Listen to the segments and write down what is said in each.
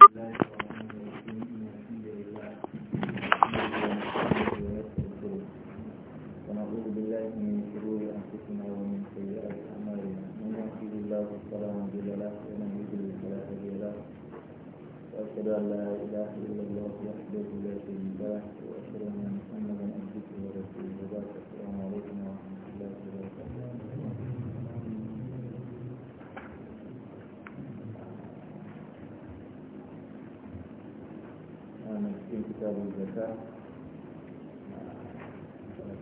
أشهد أن لا إله إلا الله وحده لا شريك له وأشهد ka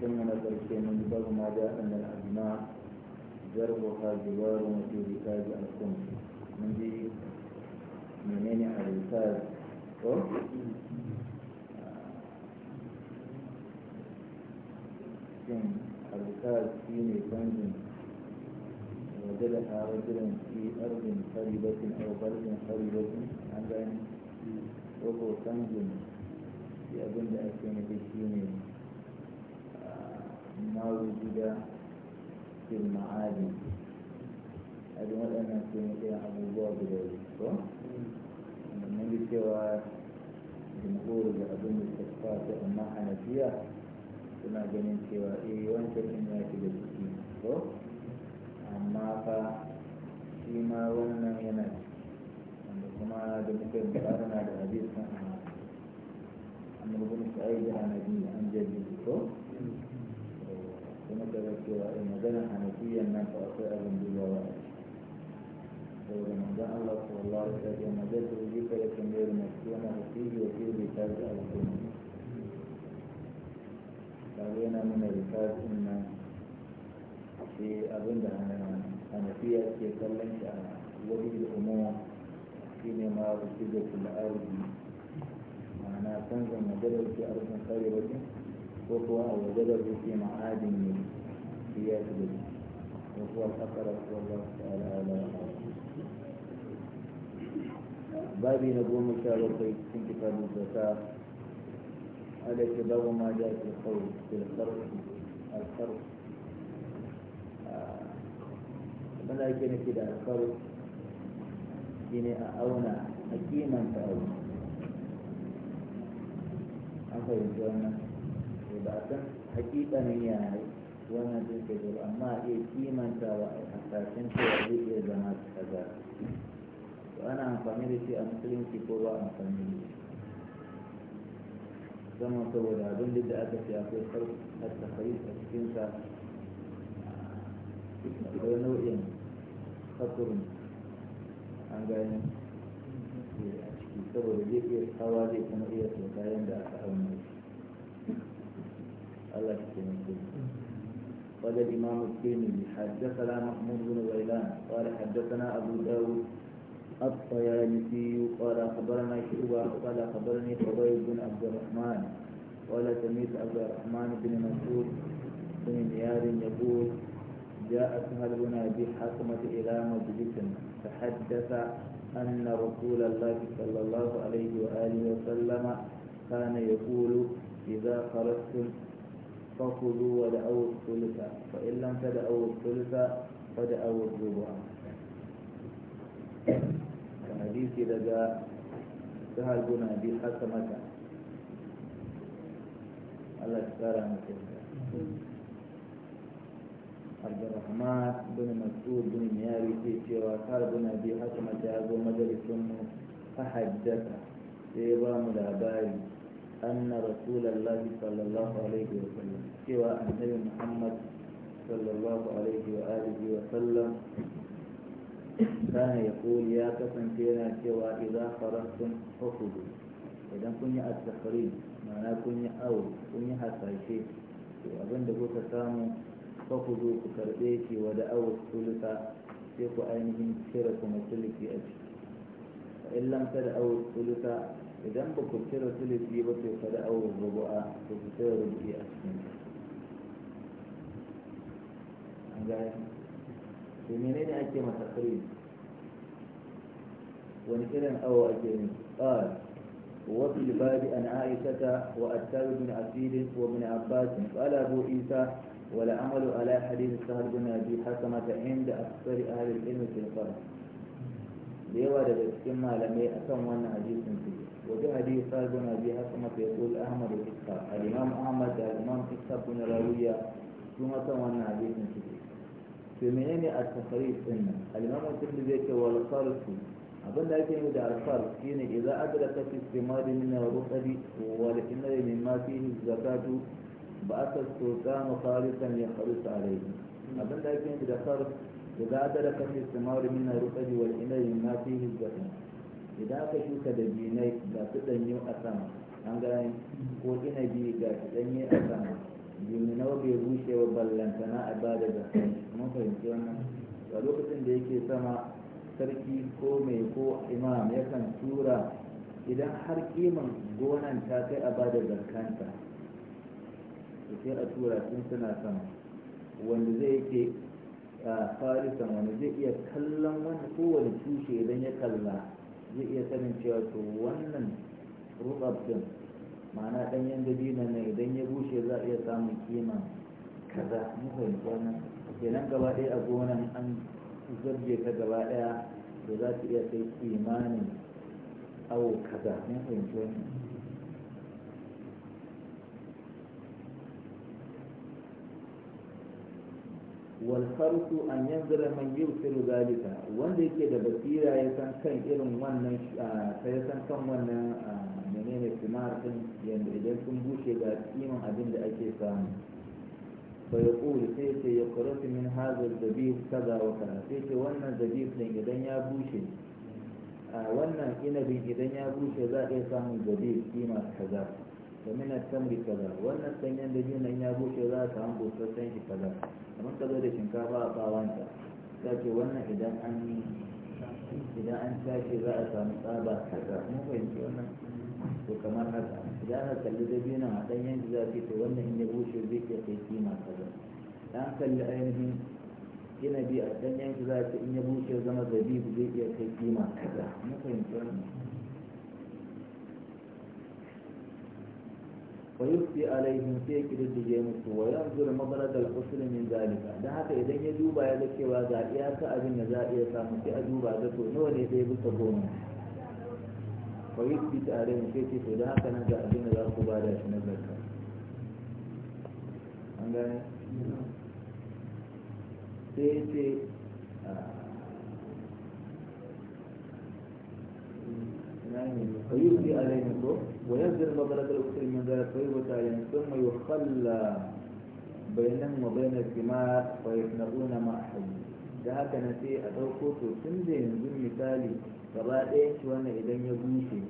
kan yana ƙarshe na zubar ma da ɗan al'adina zarbo ha zubar mu ke rika ji a kun mun ji menene a rika ko shin a rika shi ne canjin waje da tare jiran shi arzin haribatin a wabarin haribatin an gani ko ko canjin shi abin da ake nufi shi ne ma wujuda fil ma'adi abin waɗannan su ne ɗaya abubuwa guda ko mun ji cewa jimhuru da abin da suka fata amma hanafiya suna ganin cewa eh wancan ɗin ya shiga ciki ko amma fa shi ma wannan yana ciki wanda kuma da muke da da hadisin عمرو بن سعيد عن أبيه عن جده kuma da cewa in magana hanafiyan nan fa akwai abin dubawa a ciki saboda manzon Allah sallallahu alaihi wasallam ya majalta zika ya tambayar masu wani hafizi wa fiye rikaz da alƙulmi tare yana nuna rikaz nan sai abin da hanafiya ke kallon shi a wajen da umuwa shine ma rufi da kula'arbi أنها كنزا وجده في أرض خيرة وهو أو وجده da معادن ko سياق وهو الأقرب والله تعالى أعلى babi na goma sha bakwai cikin da zaka alaƙi babu ma ja fi kawai filkar alkar abin da ake nufi da alkar shine a auna a kimanta abu fahimci wannan to ba a san hakikanin yanayi wannan zai ke zuwa amma a iya kimanta wa a hasashen cewa zai iya zama kaza to ana amfani da shi a musulunci ko ba amfani da shi zama saboda abin da aka fi akwai ta kai a cikinsa akwai nau'in hakurin an gani saboda zai iya hawa zai kuma iya sauka yadda aka aune Allah ta ce mai kuma imamu kini ne haddasa mahmud bin wailan wani haddasa na abu dawu abuwa ya biyu kwada kabar na shi uba kwada kabar ne kawai bin abdurrahman wala ta mita abdurrahman bin mansur bin niyarin yabo جاءت هل بحكمة إلى مجلس فحدث أن رسول الله صلى الله عليه وآله وسلم كان يقول إذا خرجتم فخذوا ودعوا الثلث فإن لم تدعوا الثلث فدعوا الربع حديث لدى سهل بن أبي حسمة الله تعالى amma bin mas'ud bin miyari ke cewa kar bin abi hasama ta zo majalisun mu fa haddasa sai ba mu labari anna rasulullahi sallallahu alaihi wa sallam cewa annabi muhammad sallallahu alaihi wa alihi wa sallam kana yaqul ya kasance yana cewa idza farastum fakudu idan kun yi at-takhrij ma'ana kun yi aure kun yi hasashe to abinda kuka samu fa ku zo ku karɓe shi wa da awa sulusa sai ku ainihin cire kuma sulusi a ciki fa in lam da awa sulusa idan ba ku cire sulusi ba sai ka da awa a cikin menene ake masa wani irin awa ake ne ƙara وفي الباب عن عائشة وأتاب بن عسير وابن عباس قال أبو عيسى والعمل على حديث سهل بن أبي حكمة عند أكثر أهل العلم في القرن ليوا daga cikin malamai akan wannan hadisin su wajen hadisi sahal bin abi hakama fa yaqul ahmad wa isa al ahmad da al-imam isa rawiya su kan wannan hadisin su to menene at-takhrij din nan al-imam tirmidhi zai ce wal sarfu abin da ake yi da alfar shi ne idan adraka fi istimari min al da wal inna mimma fihi zakatu ba aka sultanu khalisan ya a alayhi abin da yake da kar idan adada kan istimar mina ruqabi wal inayi ma fihi zakat idan aka shuka da binai ga su danyo a sama an gani ko inabi ga su danye a sama jiminau bai bushe wa ballantana a ba da zakat mun fahimci wannan a lokacin da yake sama sarki ko mai ko imam yakan tura idan har kiman gonan ta kai a bada zarkanta to sai a tura sun suna sama wanda zai yake farisan wanda zai iya kallon wani kowane tushe idan ya kalla zai iya sanin cewa to wannan rubab ma'ana ɗanyen dabino ne idan ya bushe za a iya samun kima kaza mu wannan kenan gaba ɗaya a gonan an zarge ta gaba ɗaya da za su iya kai kimanin awo kaza mun wannan walkarsu a ƴan jaruman yau tsere zalika wanda ya ke da basira ya san kan irin wannan da ah, ya san kamar na da na ne su ma sun bushe ga kiman abin da ake samu baifoyi sai sai ya faru min haɗin dabisu ta gawa kana sai sai wannan dabisun idan ya bushe ah, wannan inabin idan ya bushe za a iya samun gadi kima ta wa min tamri kaza wannan sanyan da nan ya bushe za ka hango sassan shi kaza kamar ka zo da shinkafa a bawanta za ce wannan idan an idan an tashi za a samu tsaba kaza mun fahimci wannan to kamar haka idan aka kalli dabino a ɗanyen shi za a ce wannan in ya bushe zai iya kai kima kaza an kalli ainihin inabi a ɗanyen shi za a ce in ya bushe zama zabibu zai iya kai kima kaza mun fahimci wannan ويفتي عليهم في كرد جيمس وينظر مبرد الحسن من ذلك ده haka idan ya duba ya ga cewa ga iyaka abin da za a iya samu sai a duba ga to nawa ne zai bisa goma ta alaihim sai ce to da haka nan ga abin da za ku bada shi na zakka فيؤذي عليه الكفر وينزل بطلة الأكثر من ذلك فيؤذي عليه ثم يخلى بينهم وبين الجماعة فيتنقون مع حد ده كان في أتوقع تنزل من مثالي فبعد إيش وانا إذن يبوشي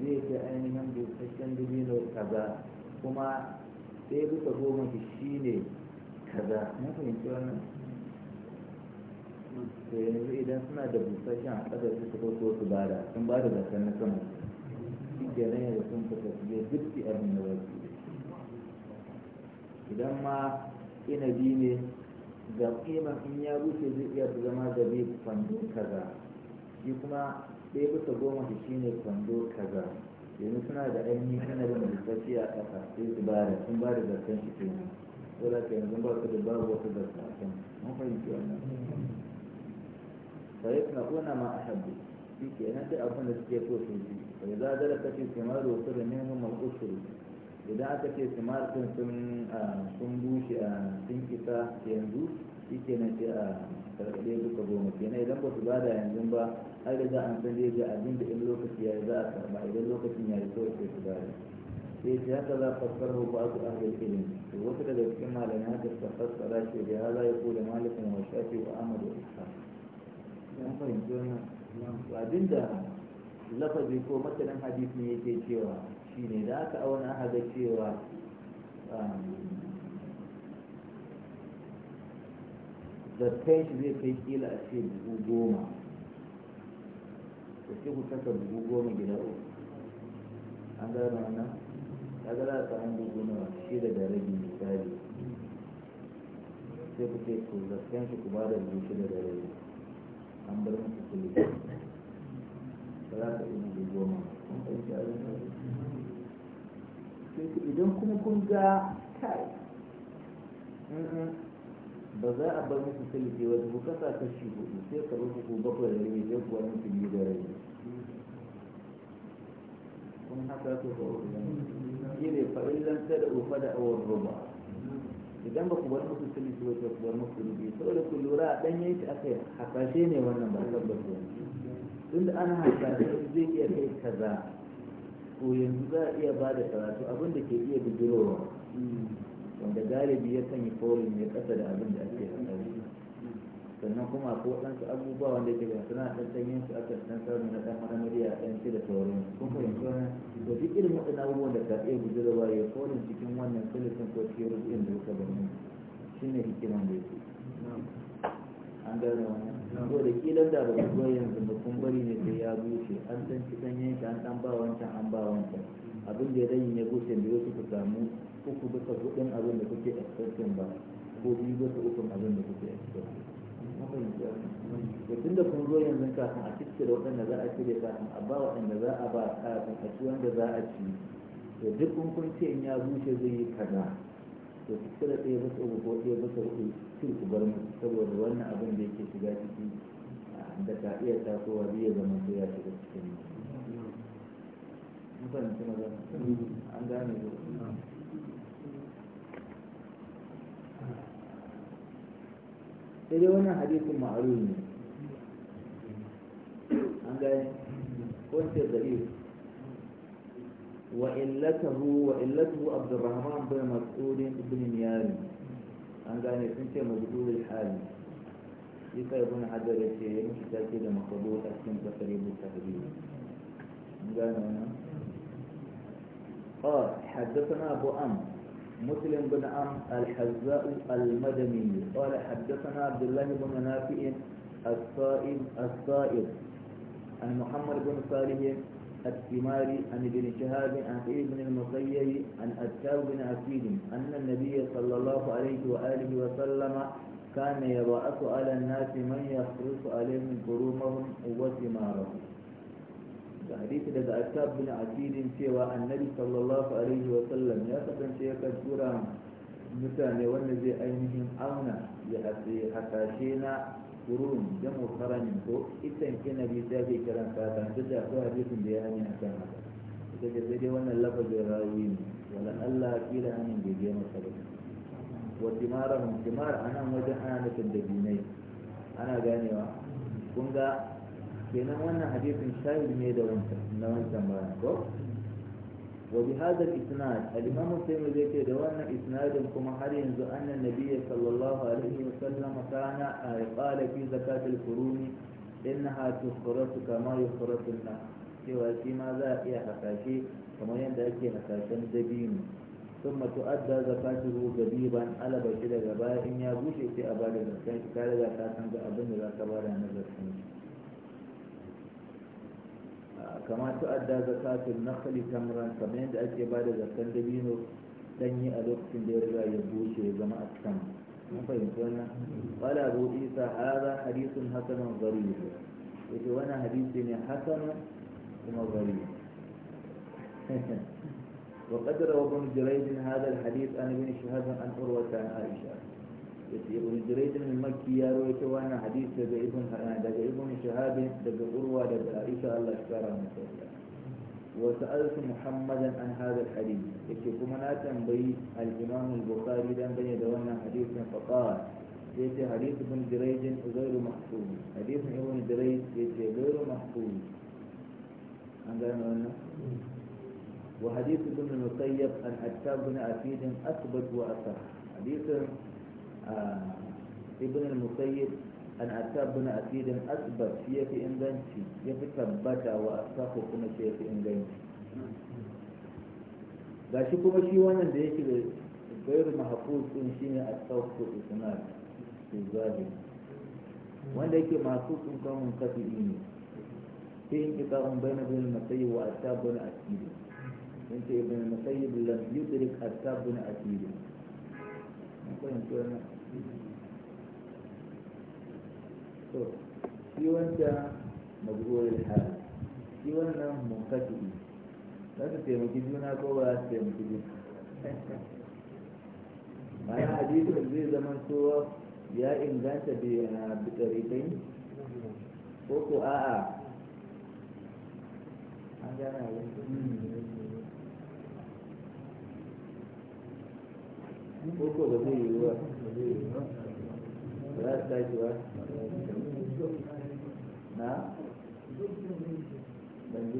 زي كأنهم بيتشن دبين وكذا كما تيبو تقوم في الشينة كذا ما فهمت وانا نعم. إذا سمعت بيتشن أتوقع تبارا ثم بعد ذلك نسمعه dangane da sun fita su zai dukki abin da ba wasu idan ma ina inabi ne ga kiman in ya wuce zai iya zama da zai kwando kaza shi kuma ɗaya bisa goma shi ne kwando kaza yanzu suna da ainihin inabin da tafi a ƙasa sai su ba da sun ba da zartan shi kenan ko da ka yanzu ba su da babu wata zartan mun fahimci wannan sai suna kona ma a habbi shi ke nan duk abin da suke so sun ji wani za da ka ce kimar rosu da neman makusuru idan aka ce kimar sun sun bushe sun isa yanzu shi ke nan sai a karkaɗe duka goma ke nan idan ba su bada yanzu ba har da za a san zai ga abin da in lokaci ya za a karba idan lokacin ya yi kawai sai su bada sai ce haka za a fassara ba su ahlul to wasu daga cikin malamai haka suka fassara shi da ya za ko da malamin wa shafi wa amadu wa isa. Ya fahimci wannan abinda lafazi ko matsalin ne yake cewa shine da aka auna aka ga cewa um, zartai shi zai kai kila a ce buhu goma da ce ku saka buhu goma gida uku an gano nan ta gara a samun buhu na shi da rabi misali sai ku ce ku zartai shi ku ba da buhu shida da rabi an bar musu kulle ba za ka iya yi goma idan kuma kun ga kai ba za a bar musu silifi wata ku kasa kashi hudu sai ka rufe ku bakwai da rabi sai ku wani fili da rabi kun haka ku ba ne fa'in lantar da ufa da awar roba. idan ba ku bar musu sirri su wace ku bar musu rubi saboda ku lura dan yanki aka yi hasashe ne wannan ba san ba tun da ana hasashe zai iya kai kaza ko yanzu za a iya ba da karatu abin da ke iya bijirowa hmm. wanda galibi ya sanya forin ya kasa da abin da ake sannan kuma ko ɗansu abubuwa wanda ke gasu na ɗan sanyin su aka ɗan samu na ɗan marmari a ɗan cire da sauran kun fahimci wannan da duk irin waɗannan abubuwan da ka iya da ya kodin cikin wannan filifin ko cikin rubin da kuka gani shi ne hikiman da yake an gane wannan ko da kilan da ba ku yanzu ba kun bari ne sai ya bushe an san ci ɗanyen shi an ɗan ba wancan an ba wancan abin da ya rayin ne bushe da wasu ku samu uku bisa kuɗin abin da kuke expecting ba ko biyu bisa ukun abin da kuke expecting da tun da kun zo yanzu kafin a cikin da waɗanda za a cire kafin a ba waɗanda za a ba kafin a ci wanda za a ci to duk kun kun ce in ya zuce zai yi kaza to cikin da ɗaya bisa uku ko ɗaya bisa uku cikin ku bar mu saboda wannan abin da yake shiga ciki da ka iya tasowa zai ya zama sai ya shiga cikin mu. Mutane an gane تدونا حديث معلوم عند كنت الضعيف وإلته وإلته عبد الرحمن بن مسعود بن نيال عند أن يسمي مجدود الحال يسا يكون حد الشيء كتابي لمقبول أحسن تقريب التحديد قال حدثنا أبو أمر مسلم بن عم الحزاء المدني قال حدثنا عبد الله بن نافع الصائب الصائب عن محمد بن صالح الثماري عن ابن شهاب عن سعيد بن المسيب عن أتاب بن أسيد أن النبي صلى الله عليه وآله وسلم كان يبعث على الناس من يخرص عليهم كرومهم وثمارهم da hadisi daga asab bin asidin cewa annabi sallallahu alaihi wa sallam ya kasance ya kan mutane wanda zai ainihin auna ya hasashe na kurun jamu karamin ko itan inabi ta ke kiran fata duk da akwai hadisin da ya hani a kan haka ita ce sai dai wannan lafazin rawi ne wala Allah kila hanin bai je masa ba wa timarahum timar anan wajen ana nufin da binai ana ganewa kun ga kenan wannan hadisin shahid ne da wancan na bayan ko wa bi isnad al-imam zai ce da wannan isnadin kuma har yanzu anna nabiyyi sallallahu alaihi wa sallam kana qala fi zakat al-qurun innaha tukhratu kama yukhratu an cewa shi ma za a iya hakashe kamar yadda ake hasashen dabino daga baya in ya bushe sai a bada يابوش في abin da za za ka ذاك بارا نزل kama adda zakatun nakhli tamran kamar yadda ake ba da zakan dabino danyi a lokacin da ya riga ya bushe ya zama a mun fahimci wannan wala abu isa hadha hadithun hasanun gharib yake wannan hadisi ne hasan kuma gharib وقد روى ابن جريج هذا hadith an ibn shahab an urwa ta aisha. ابن جريج المكي آه، يروي كوانا حديث دقى ابن هران دقى ابن شهاب دقى أروى دقى عائشة الله شكرا مسؤولا وسألت محمدا عن هذا الحديث يكي كمنا تنبي الإمام البخاري دان بني دوانا حديثا فقال يتي حديث ابن جريج غير محفوظ حديث ابن جريج يتي غير محفوظ وحديث ابن المطيب عن حتاب بن أثبت وأصح ibn al-musayyib an atab bin asidin asbab shi ya fi inganci ya fi tabbata wa asafu kuma shi ya fi inganci gashi kuma shi wannan da yake da gairu mahafuz din shine asafu isnad fi zahiri wanda yake masu sun kamun kafi ne sai yin kitabun bayan ibn al-musayyib wa atab bin asidin yace ibn al-musayyib lam yudrik atab bin asidin to shi wanda magugoyin hali shi wannan munkasi ne za su taimaki juna ko ba za su taimaki juna ma'ana hadisin zai zama cewa ya inganta da bitarikai ko ko a'a an gana wani ko ko ba zai yi ba ba za su tashi ba na ban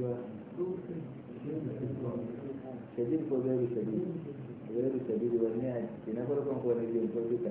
shadid ko zai shadid zai shadid wani a na farkon ko na biyun ko duka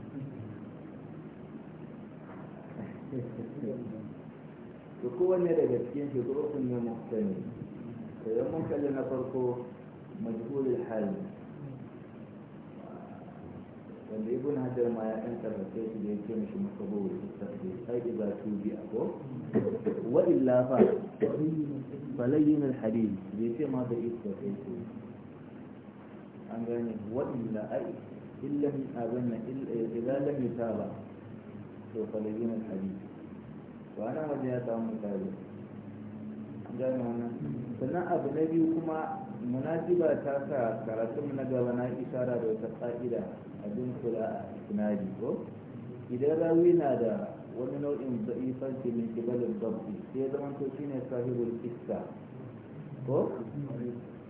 وكون يرجع كين في ظروف مختلفة إذا ممكن مجهول الحال عند ابن هذا ما أنت بتجد اللي يمكن مش مقبول التقدير إذا توجي أبو وإلا فا فلين الحديث ليش ما بقيت بتجد عن وإلا أي إلا من أبن إلا إذا لم يتابع to falibin hadisi Ba ana waje ya samu misali gane wannan sannan abu na biyu kuma munajiba ta sa karatun na gaba na isara da wata ka'ida a dunkula a sinadi ko idan rawi na da wani nau'in za'ifanci mai kibalin babu, sai zama to shine sahibul iska ko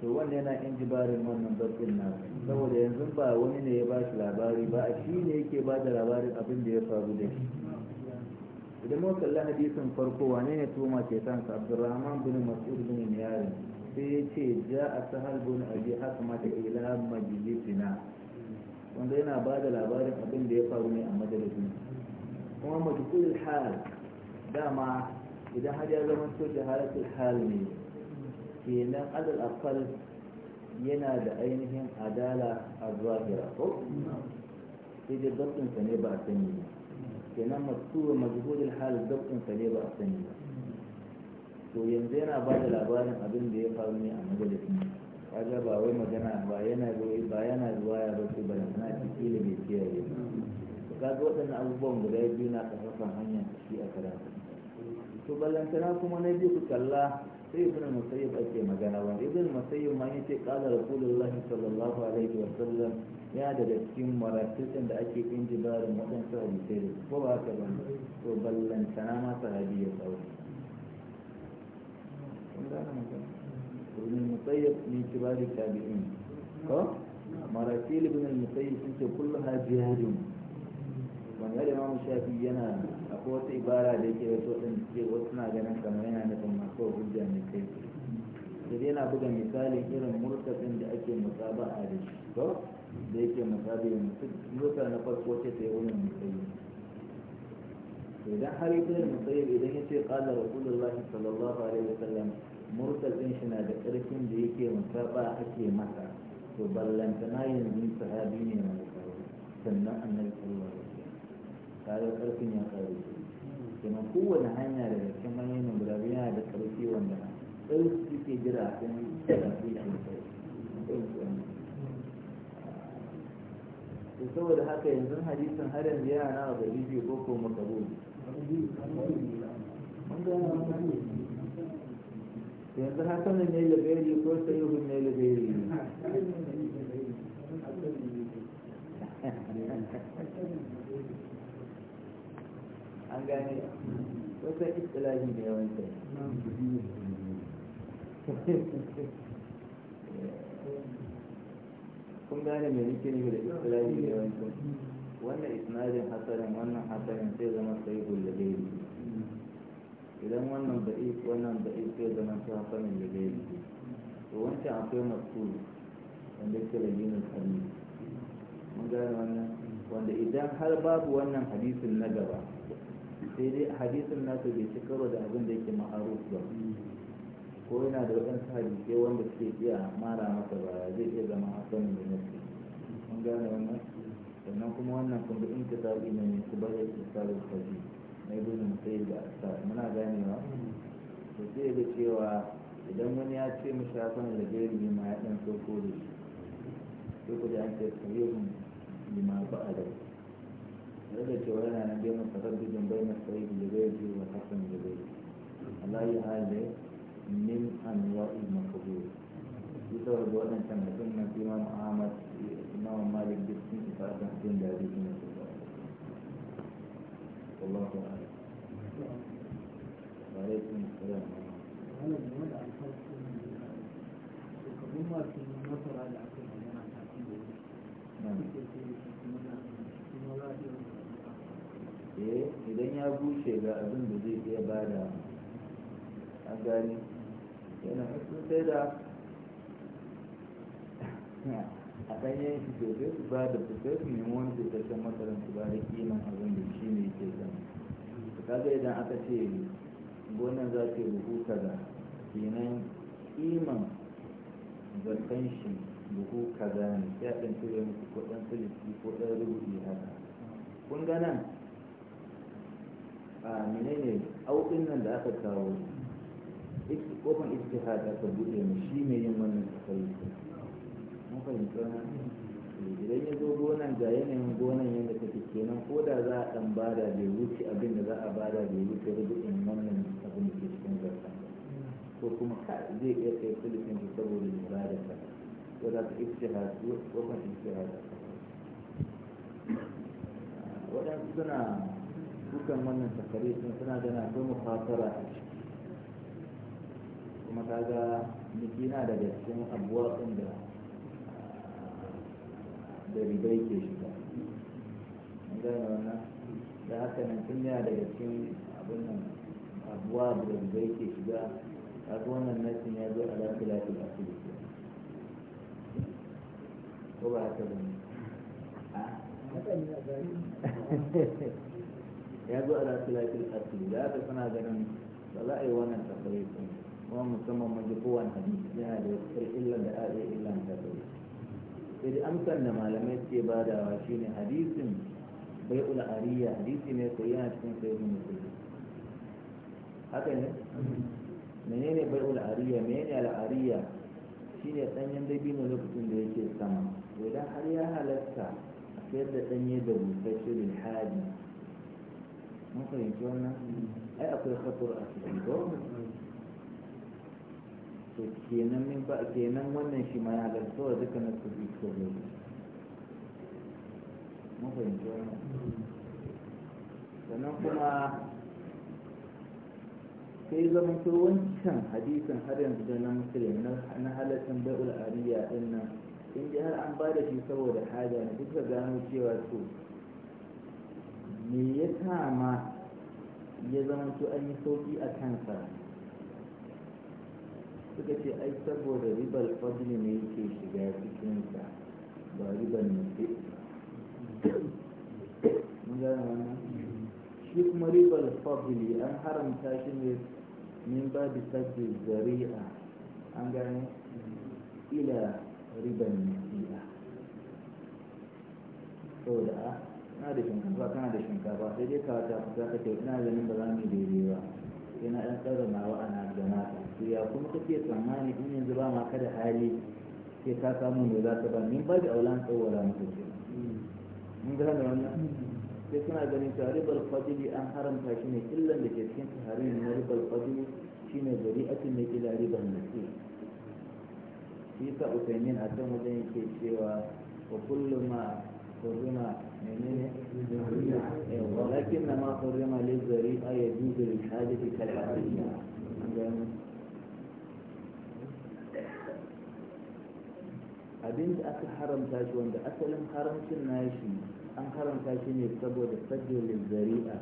to wanda yana jibarin wannan barkin na saboda yanzu ba wani ne ya ba shi labari ba a shi ne yake ba da labarin abin da ya faru da shi idan muka kalli hadisin farko wane ne tuma ke sa abdurrahman bin mas'ud bin niyari sai ya ce ja a sahal bin abi hasma da ila majlisina wanda yana ba da labarin abin da ya faru ne a majalisin kuma majlisul hal dama idan har ya zama to jaharatul hal ne kenan adal akal yana da ainihin adala a zuwa ko sai dai dabtinsa ne ba a sani ba kenan mastuwa majhulul hal dabtinsa ne ba a sani ba to yanzu yana ba da labarin abin da ya faru ne a majalisin kaga ba wai magana ba yana zuwa ba yana ya ba ce ba na ciki da bai Ka ba kaga waɗannan abubuwan guda biyu na ƙarfafan hanyar shi a karatu to ballantana kuma na biyu ku kalla سيدنا المسيب أتي مجانا ابن المسيب ما يتي قال رسول الله صلى الله عليه وسلم يا دلت كم مراتسن دا أكي كن جبار مؤمن سهدي سيد هو هكذا هو بلن سنامة سهدي يسعود ابن المسيب من كبار التابعين ها؟ مراتيل ابن المسيب انت كلها جهاد ومن يلي ما مشافي ينام akwai wata ibara da yake wato din ce wasu na ganin kamar yana da nufin masu hujja mai kai sai dai yana buga misalin irin murtafin da ake a da shi ko da yake musabiya murtar na farko ce sai wani musayi idan har ibn musayyib idan ya yace qala rasulullahi sallallahu alaihi wasallam murtazin shi na da ƙarfin da yake musaba ake masa to ballanta na yanzu sahabi ne na musawa sannan annabi sallallahu alaihi kenan kowane hanya da cikin hanyoyin guda biyu yana da ƙarfi wanda ɗauki ke jira a kan ƙarfi a to saboda haka yanzu hadisin har yanzu yana na a gari biyu ko ko makaru yanzu hasanin ne labari ko sai sayuhun ne labari ne an gane wata istilahi da yawan ta kun gane mai nike ne da istilahi da yawan ta wannan isnadin hasarin wannan hasarin sai zama sai gullade idan wannan ba'i wannan ba'i sai zama sai hasarin da bai to wancan akwai masu wanda ke da yin mun gane wannan wanda idan har babu wannan hadisin na gaba sai dai hadisin nasu bai ci karo da abin da yake ma'aru ba ko yana da waɗansu hadisai wanda suke iya mara masa ba zai iya zama hasanin da nasu kun gane wannan sannan kuma wannan kun in ka zaɓi ne ne ku bari ki tsaro kaji na yi gudun sai da asar muna ganewa to sai da cewa idan wani ya ce mu shafan da gari ne ma ya ɗan so ko da shi sai ku ji an ce ma ba a da da cewa yana nan bai masa bai na sai da zai ji wa hasan da zai Allah ya hale min da waɗancan mutum na imam ahmad imam malik duk sun isa a kan jin daɗi sun yi sun zaɓa wallahu a'ala wa alaikum assalam kamar masu masara da aka da eh idan ya bushe ga abin da zai iya bada an gani yana hasu sai da a ɗanyen shi zai su ba da kai su nemi wani sosai masarar su ba da kiman abin da shi ne ke zama kaga idan aka ce gonan za ta buhu kaza kenan kiman zarkan shi buhu kaza ne ya ɗan cire musu ko ɗan ko ɗan rubuɗi haka kun ganan. a menene auɗin nan da aka kawo kofin ijtihad aka buɗe mu shi ne yin wannan tafari mun fahimci wannan idan ya zo gonan ga yanayin gonan yadda take kenan ko da za a ɗan bada bai wuce abin da za a bada bai wuce rubutun wannan abin da ke cikin zarta ko kuma zai iya kai filifin shi saboda lura da ta ko za ta ijtihad kofin ijtihad waɗansu suna dukan wannan takare sun suna da na kuma fatara a ciki kuma kaga biki na daga cikin abuwa ɗin da ah, da ribai ke shiga an gane wannan da haka nan sun yana daga cikin abin nan abuwa da ribai ke shiga ga wannan nasin ya zo a lafi lafi a cikin ko ba haka ba ne ya zo a rasu lafiyar asiri da aka suna ganin ba za a yi wannan tafari sun kuma musamman maji kowane hadisi yana da wasu illan da a iya ta tafari sai dai amsar da malamai suke badawa shine hadisin bai ul'ariya hadisi ne sai yana cikin sai musulmi haka ne menene bai ul'ariya menene al'ariya shine ɗanyen dabino lokacin da yake sama to idan har ya halatta a sayar da ɗanyen da busasshe shirin hadi mun wannan ai akwai khatur a cikin ko to kenan min ba kenan wannan shi ma ya halarta wa duka na kudi ko ne mun wannan sannan kuma sai zama to wancan hadisin har yanzu da na musulun na halattun bai'ul aliyya din nan in ji har an ba da shi saboda haja ne duk da gano cewa to me ya sa ma ya zama su an yi sauki a kansa suka ce ai saboda ribar fadli ne yake shiga cikinsa ba ribar nufi mun wannan shi kuma ribar fadli an haramta shi ne min ba da sabbi zari'a an gane ila ribar nufi'a saboda na da shinkafa kana da shinkafa sai dai ka ta fita ka ce ina ganin ba za mu daidai ba sai na ɗan karamawa a ana da naka to ya kuma kake tsammani in yanzu ba ma kada hali sai ka samu me za ka ba min ba da aulan tsawara maka ce mun ga da wannan sai suna ganin cewa ribar fadili an haramta shi ne illan da ke cikin taharin na ribar fadili shine a cikin ila ribar nasi shi sa usaimin a can wajen yake cewa wa kullum ma hurrima ولكن ما حرم للذريعة يجوز للحادث كالعقلية أبنت أكل حرم تاشون ده أكل حرم تناشي أم حرم تاشين يتبوا تسجل للذريعة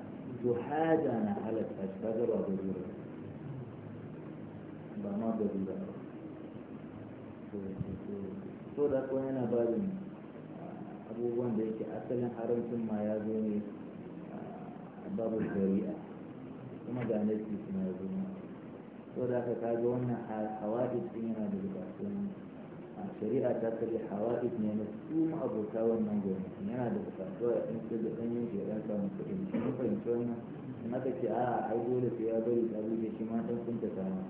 حاجه أنا على تشفر وضرورة بما ضرورة سورة كوينة بارمي abubuwan da yake asalin haramcin ma ya zo ne a babu shari'a kuma ga na kuma suna zo ne so da aka kaga wannan hawaɗi sun yana da bukatun shari'a ta kalli hawaɗi ne na su abota wannan gwamnati yana da bukatu a ɗan da ɗan yin ɗan samu kuɗi shi fahimci wannan in aka ce a ai dole sai ya bari tsari da shi ma ɗan kunta sama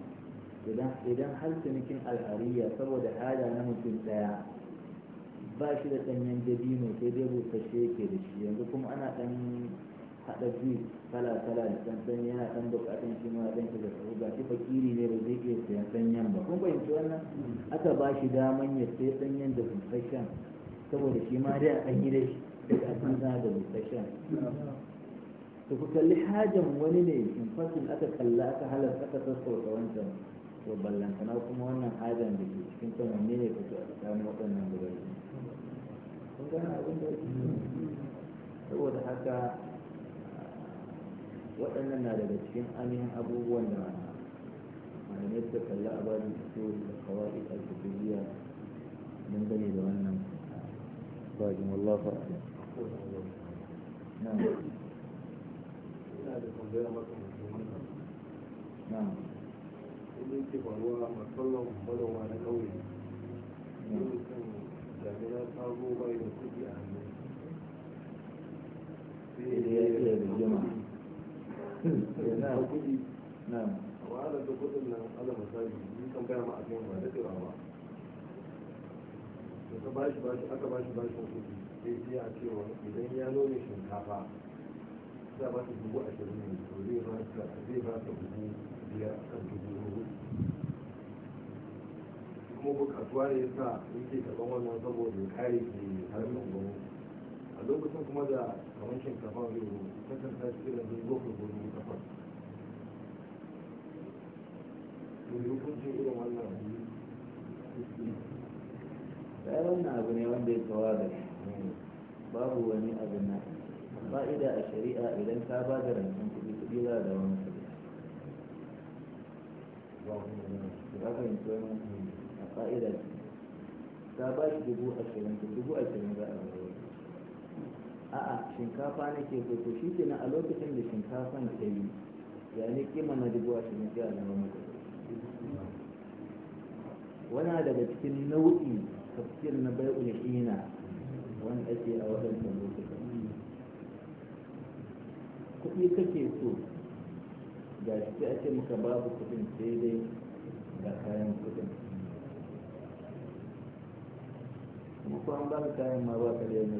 idan har cinikin al'ariya saboda hada na mutum ɗaya ba shi da ɗanyen mai sai dai busasshe yake da shi yanzu kuma ana ɗan haɗa biyu kala kala da tsantsan yana ɗan buƙatun shi ma ɗan shiga tsaro ga shi fakiri ne ba zai iya sayan ɗanyen ba kun fahimci wannan mm. aka ba shi daman ya sai ɗanyen da busasshen saboda shi ma dai a ɗan yi da shi da abuna da busasshen to ku kalli hajan wani ne in fasin aka kalla aka halar aka sassauta wancan to ballantana kuma wannan hajan da ke cikin kan wanne ne ka a tsakanin waɗannan gudanar gane abin da saboda haka waɗannan na daga cikin ainihin abubuwan da malamai suka kalli a da usuli da kawai al-fiqhiyya dangane da wannan bajin wallahi a'lam na'am ina da tambaya maka na'am idan ke faruwa musamman manoma na kauye ya kawo bai da kuɗi a hannu sai ya yi da jima na kuɗi na wa da kudin nan ala misali ni kan gaya ma a kan ba da jira ba aka ba shi bashi aka bashi bashin kuɗi sai biya cewa idan ya nome shinkafa za ba dubu ashirin ne to zai ba su buhu biyar kan dubu hudu kuma kasuwa ne yasa yake karɓar wannan saboda kare ke harin gwamnati a lokacin kuma da kamar shinkafa zai yi ta kanta cikin da zai ta fara kafa hukuncin irin wannan ya wannan abu ne wanda ya kawo da hmm. babu wani abu na fa'ida a shari'a idan ta ba da rancen kuɗi kuɗi za da wani kuɗi ba kuma da ba ku ƙa'ida ce ta ba shi dubu ashirin da dubu ashirin za a bayar a'a shinkafa nake so to shi na a lokacin da shinkafan ta yi ya ne kima na dubu ashirin sai a zama mata wana daga cikin nau'i tafsir na bai'ul ina wani ake a waɗannan lokutan kuɗi kake so ga shi ake maka babu kuɗin sai dai ga kayan kuɗin ko an su kayan ma ba kare yadda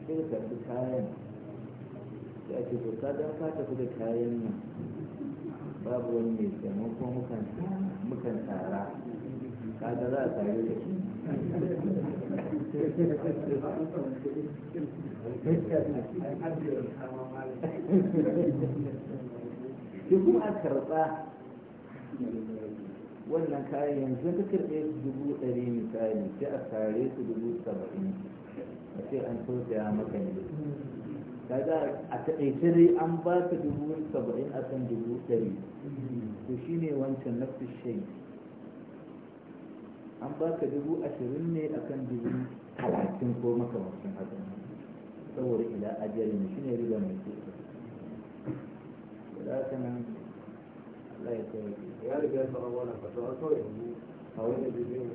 za ka yi shi sai ka tafi kayan ya ake to ka dan ka tafi da kayan nan babu wani mai tsaye ko mukan mukan tara kaga za a tare da shi ke kuma a karɓa wannan kayan yanzu ka karɓe su dubu ɗari misali sai a kare su dubu saba'in a ce an so tausaya maka ne kaga a taƙaice dai an ba ka dubu saba'in a kan dubu ɗari to shi ne wancan nafsu shai an ba ka dubu ashirin ne a kan dubu talatin ko maka makamancin haka saboda ila ajiyar ne shi ne riba mai kuɗi. Da haka nan Allah ya kawai ya riga sama wannan fatawa kawai yanzu a wani jirgin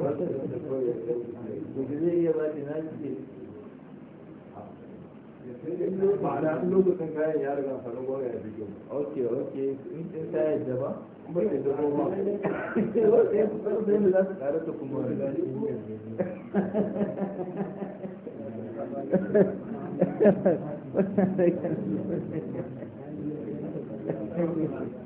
wata da kawai zai iya ba ce na ce lokacin kayan ya riga gwaya ya ok ok in sun ba ba za su kuma wani gani Thank you.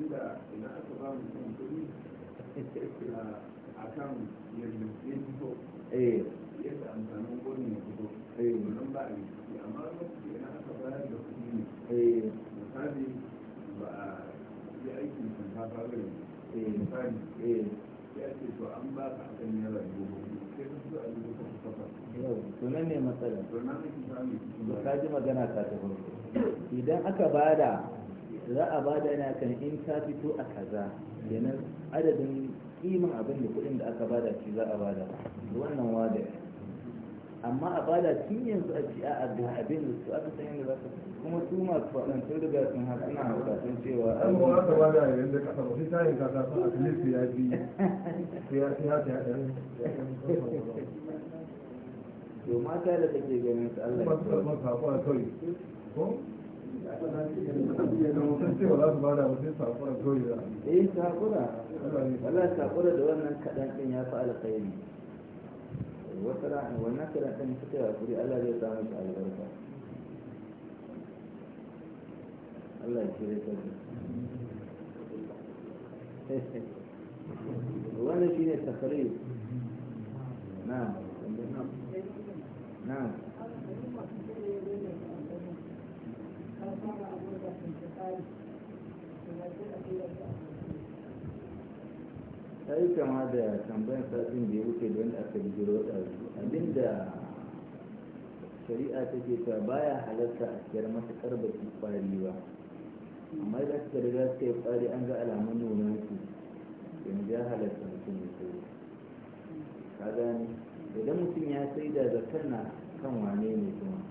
inda ina aka ba mu kan kuɗi a kan yadda ya fito eh. yadda amfanin gwanin ya fito eh. wannan ba a yi amma lokaci ina aka bayar da kuɗi ne eh. misali ba a yi aikin ta faru ne misali ya ce to an ba ka akan naira dubu sai ka fito a dubu kafa kafa to ne matsala to nan ne misali ka ji magana ta ta farko idan aka bada za a ba da yana kan in ta fito a kaza kenan adadin kiman abin da kuɗin da aka bada shi za a bada wannan wada amma a bada tun yanzu a ci a abin abin da su aka san yadda za su kuma su masu faɗin sun riga sun har bukatun cewa an ba aka bada da kasa sai tayin ka ta a tilisi ya bi ya ya ta to mata da take ganin su Allah ya ko eh sakura wala sakura da wannan kaɗan ɗin ya fi alkhairi wata ra'ayi wannan kaɗan ɗin suka yi hakuri Allah zai samu shi albarka Allah ya kire ta wannan shine takrir na'am Na. ta yi kama da tambayan satin da ya wuce da wanda aka bijiro ɗazu abinda shari'a ta ce ta baya halarta a siyar matuƙar ba su ƙwari ba amma da suka riga suka yi kwari an ga alamun nuna su yanzu ya halarta mutum ya sai ka gani idan mutum ya sai da zakar na kan wane ne kuma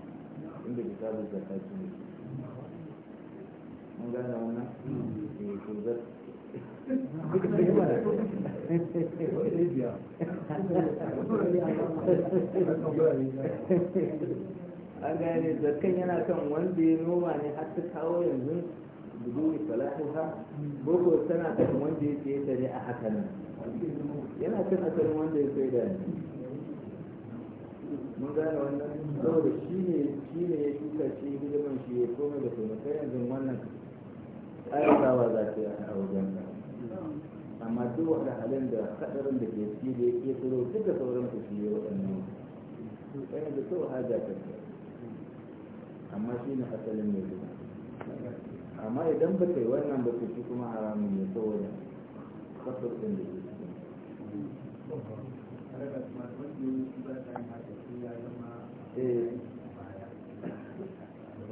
inda kitabun zakar su ne mun gane wannan ne to zai an gane zakan yana kan wanda ya noma ne har ta kawo yanzu buduri salahuha boko tana kan wanda ya ce ta ne a haka nan yana kan asalin wanda ya sai da ne mun gane wannan saboda shi ne ya shuka shi yanzu wannan aikawa za ta yi a wajen da, amma duk wani halin da hadarin da ke ci da ya ke turo duk da sauran su shi ya waɗannan sai yanzu to haja ta amma shi ne asalin mai zuwa amma idan ba ta yi wannan ba ta ci kuma haramun ne saboda kasar ɗin da ke cikin eh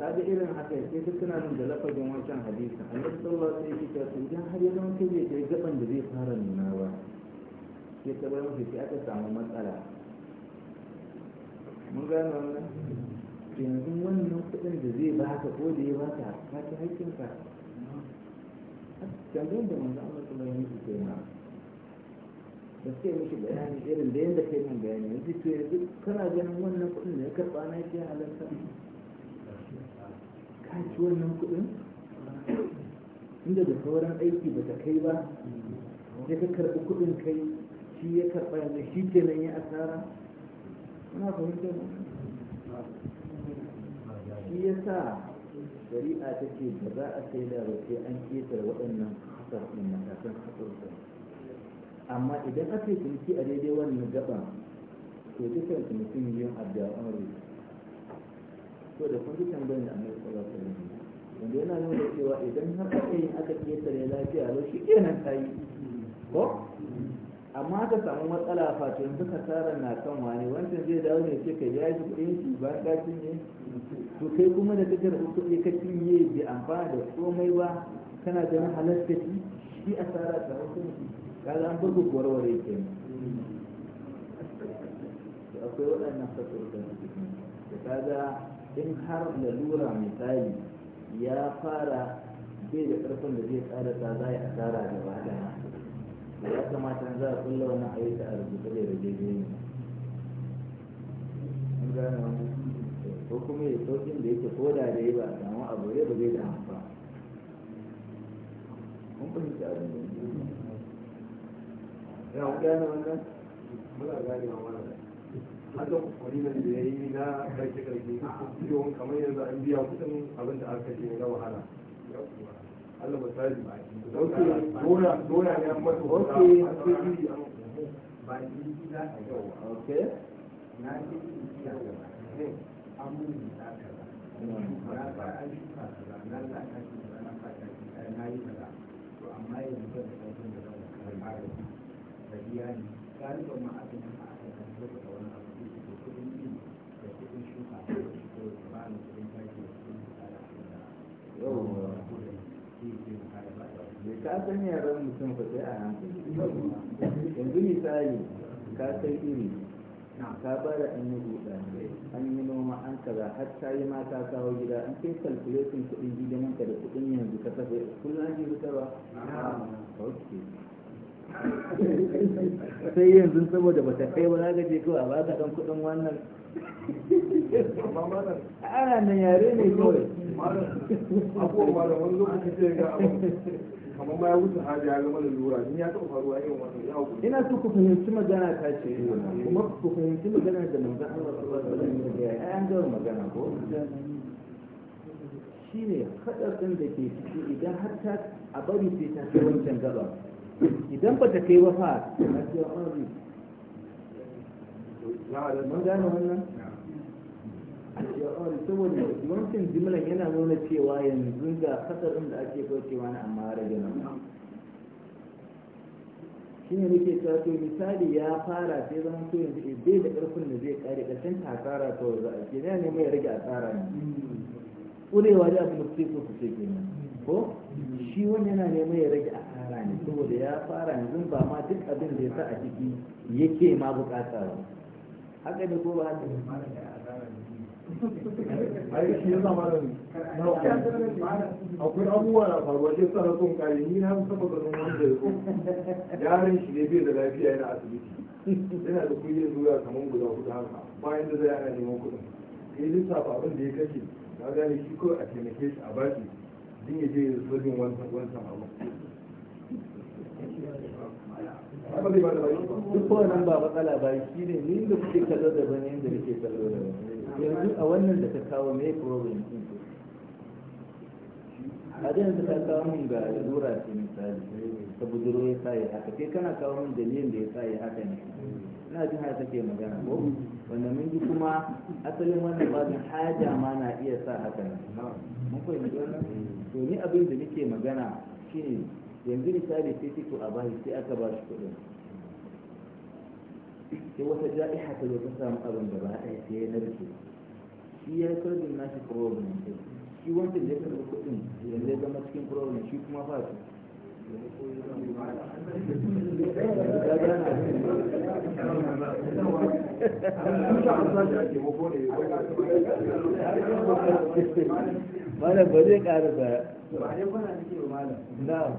ta irin haka sai duk suna nan da lafazin wancan hadisi annabi sallallahu alaihi wasallam ya ce idan har ya zama kai bai gaban da zai fara nuna ba sai ta bar mafi sai aka samu matsala mun gano wannan yanzu wannan kuɗin da zai baka ko da ya baka ka ci haƙƙinka tambayin da manzo Allah sallallahu alaihi wasallam ya ce da suke miki bayani irin da yadda kai nan bayani yanzu to yanzu kana ganin wannan kuɗin da ya karɓa na ke halarta ta wannan kuɗin inda da sauran aiki ba ta kai ba ya ka karɓi kuɗin kai shi ya karɓa yanzu shi ke nan ya asara muna fahimtar shi ya sa shari'a ta ce ba za a sai da ba sai an ketare waɗannan hasar ɗin matakan hasurka amma idan aka yi tunki a daidai wannan gaba to dukkan mutum yin da amurka to da kun dukkan tambayar da annabi sallallahu alaihi wasallam wanda yana nuna cewa idan har aka yi aka ƙetare lafiya lau shi kenan ta yi ko amma ka samu matsala fatin duka tsara na kan wani wancan zai dawo ne ce ka ya ji kuɗin shi ba ka cinye to kai kuma da kake kajar kuɗi ka cinye bai amfana da komai ba kana ganin halarta shi shi asara ta hukunci kaga an bugu warware ke akwai waɗannan fasokan da kaga in har lalura misali ya fara bai da ƙarfin da zai tsara ta za a yi asara gaba ɗaya ya kamata za a kulla wani ayyuka a rubuta da rage ne an gane wani ko kuma ya saukin da yake ko da da yi ba a samu abu ya ba zai da hamfa kun fahimci abin da ya gane wannan muna gane wa wannan haka da ya yi na ƙarshe ƙarshe ciwon kamar yanzu an biya kuɗin abin da aka ce na wahala Allah dora dora ne an wata an ce an ba za yau na na ba shuka na za na fata na yi kaza to amma yanzu da da zan da da ka san yaran mutum fa sai a hankali yanzu misali ka san iri ka bara an yi buɗa an yi noma an kaza har ta yi mata kawo gida an kai calculation kuɗin hidimanka da kuɗin yanzu ka tafi kullum ake fitarwa sai yanzu saboda ba ta kai ba za ka je kawai ba ka ɗan kuɗin wannan ana nan yare ne kawai abubuwa da wani lokaci sai ga abu kamar ma ya wuce hajji ya gama da lura ni ya taɓa faruwa irin wannan ya hukuri ina so ku fahimci magana ta ce kuma ku fahimci magana da manzon Allah sallallahu alaihi wasallam ya an gama magana ko shine hadarin da ke ciki idan har ta a bari sai ta kai wancan gaba idan ba ta kai ba fa ta ce mun gane wannan saboda wancan jimlan yana nuna cewa yanzu ga kasarin da ake kaucewa na amma rage nan shi ne nake cewa to misali ya fara sai zama to yanzu eh, bai da ƙarfin da zai kare ƙarshen tsara ta wanzu a kenan ne mai rage a tsara ne ƙurewa da abin da sai ko su sai kenan ko shi wani yana neman ya rage a tsara ne saboda ya fara yanzu ba ma duk abin da ya sa a ciki yake ma bukata ba haka ne ko ba haka ne ai shi ya zama da akwai abubuwa na faruwa shi sa na son kare ni na musamman ganin wanda ya so yaran shi ne bai da lafiya yana asibiti yana da kuɗi zuwa kamar guda hudu haka bayan da zai ana neman kuɗin ya lissafa abin da ya kashe na gane shi ko a taimake shi a baki din ya je sojin wancan wancan abu ba zai ba da baki ba duk wannan ba matsala ba shi ne ni da kuke kallo da bane da nake kallo da bane yanzu a wannan da ta kawo mai problem din a da yanzu kawo min ga lura ce misali ta buduro ya sa ya haka kai kana kawo min dalilin da ya sa ya haka ne ina jin haka take magana ko wanda mun ji kuma asalin wannan da haja ma na iya sa haka ne mun koyi wannan to ni abin da nake magana shine yanzu misali sai fito a bashi sai aka ba shi kuɗin sai wata ja'iha ta zo ta samu abin da ba a sai ya narke shi ya karbi nashi problem da shi wancan da ya karbi kudin yanzu ya zama cikin problem shi kuma ba su malam ba zai ƙara ba na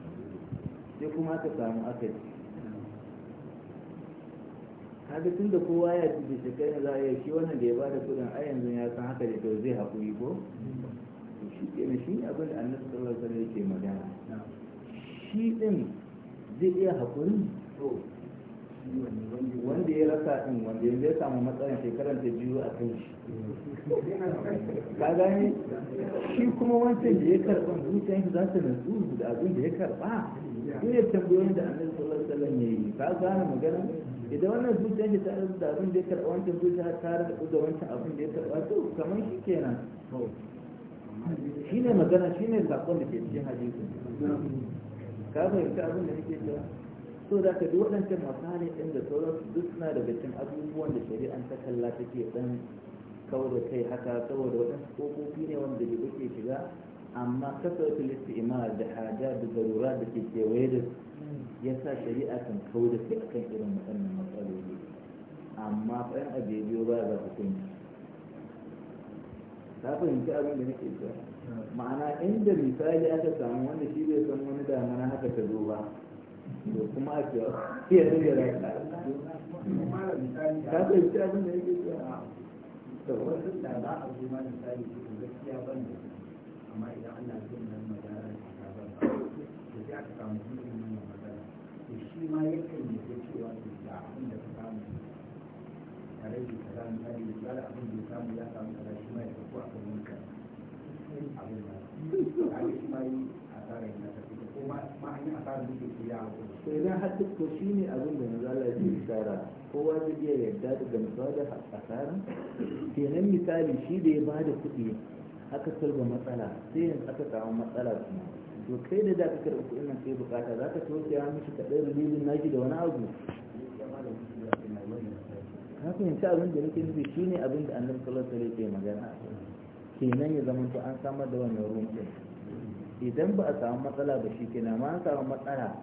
sai kuma ta samu akali kaga da kowa ya ci da shekai za a yi shi wannan da ya ba da kudin a yanzu ya san haka da to zai haƙuri ko shi kenan shi ne abin da annabi sallallahu alaihi wasallam yake magana shi din zai iya haƙuri to wanda ya rasa in wanda yanzu ya samu matsayin shekaran ta biyu a kan shi ka gani shi kuma wancan da ya karɓa zuciyar shi za ta nutsu da abin da ya karɓa ne tambayoyin da annabi sallallahu alaihi wasallam yi, ka gane magana idan wannan zuciyar shi ta da abin da ya karɓa wancan zuciya ta da wancan abin da ya karɓa to kamar shi kenan shi ne magana shi ne zakon da ke cikin hadisi ka fahimci abin da nake cewa so da ka duk waɗancan masu hali ɗin da sauransu duk suna daga cikin abubuwan da shari'an ta kalla take ɗan kawo da kai haka saboda waɗansu ƙofofi ne wanda da kuke shiga amma kasautu lissu ima da hada da zarura da ke kewaye da ya sa shari'a kan kawo da kai akan irin waɗannan matsaloli amma ɗan abu ba za hukunci ta fahimci abin da nake cewa ma'ana inda misali aka samu wanda shi bai san wani damana haka ta zo ba to kuma a cewa iya sun da rai ta ta ce abin da yake cewa to wasu da za a zo ma misali gaskiya ban da amma idan Allah ya da nan magana ta ban to sai aka samu irin wannan magana da shi ma yakan yi ta cewa to da abin da ka samu a rage kaza misali da tsara abin da ya samu ya samu kaza shi ma ya tafi a kan wani kan abin da shi ma cikin asarar da ke ya haƙuri. to idan har duk to shi ne abin da yanzu Allah ke isara kowa zai iya yarda da gamsuwa da asara kenan misali shi da ya ba da kuɗi aka sarba matsala sai yanzu aka samu matsala kuma to kai da za ka karɓi kuɗin nan kai bukata za ka tausaya mishi ka ɗaya rilizin naki da wani abu ka fahimci abin da nake nufi ne abin da annabi sallallahu alaihi wasallam ke magana kenan ya zama to an samar da wannan ruwan idan ba a samu matsala ba shi kenan ma an samu matsala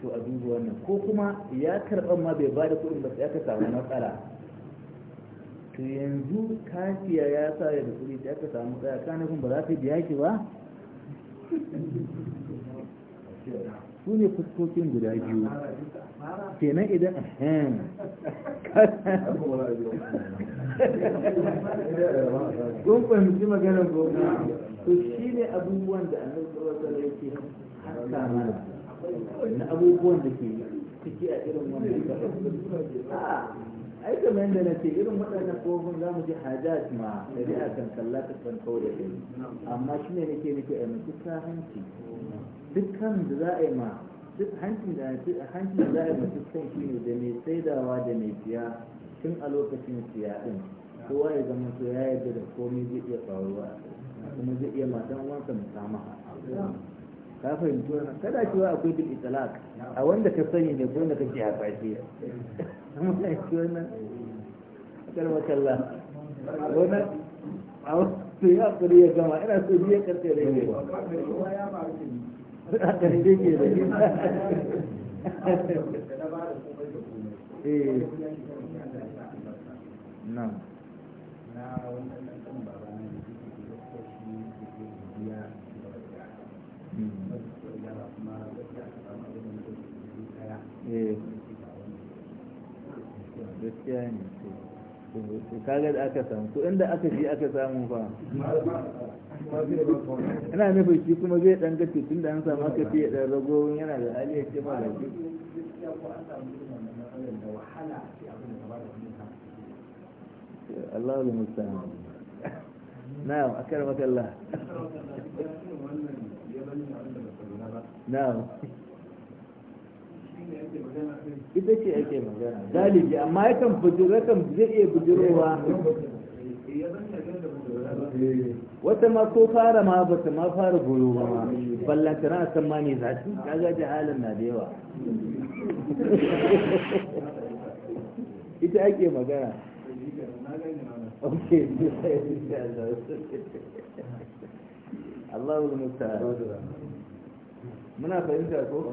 to a duba wannan ko kuma ya karɓar ma bai ba da kuɗin ba sai aka samu matsala to yanzu kashiya ya sa ya da kuɗi sai aka samu matsala ka nufin ba za ka biya ki ba su ne fuskokin guda biyu kenan idan kun fahimci maganar gobe to shi ne abubuwan da annabi sallallahu alaihi yake haska mana na abubuwan da ke ciki a irin wannan a ai kamar yadda na ce irin waɗannan kofin za mu ji hajjaj ma shari'a kan kalla ta kan kawo da kai amma shi ne nake nake a mutu ta hanci dukkan da za a yi ma duk hancin da hancin da za a yi ma dukkan shi ne da mai saidawa da mai siya tun a lokacin siya ɗin kowa ya zama so ya yarda da komai zai iya faruwa a kuma zai iya matan wansa musamaha ka fahimci wannan kada cewa akwai bil italak a wanda ka sani ne ko wanda kake hasashe amma ya ci wannan kalma kallah wannan a wasu ya kuri ya gama ina so biya karfe da yake a ƙarshe ke da yi na Eh. gaskiya ne kaga da aka samu to inda aka ji aka samu fa ina nufin shi kuma zai dan gace tun da an samu aka fiye dan rago yana da hali ya ce ma da shi Allah musta'an na'am akar makalla na'am ita ce ake magana galibi amma yakan bujiro kan zai iya bujirowa wata ma ko fara ma ba ta ma fara goro ba ma ballanta na san ma ne zaci kaga jahalan na da yawa ita ake magana Allah ya musta'an muna fahimta ko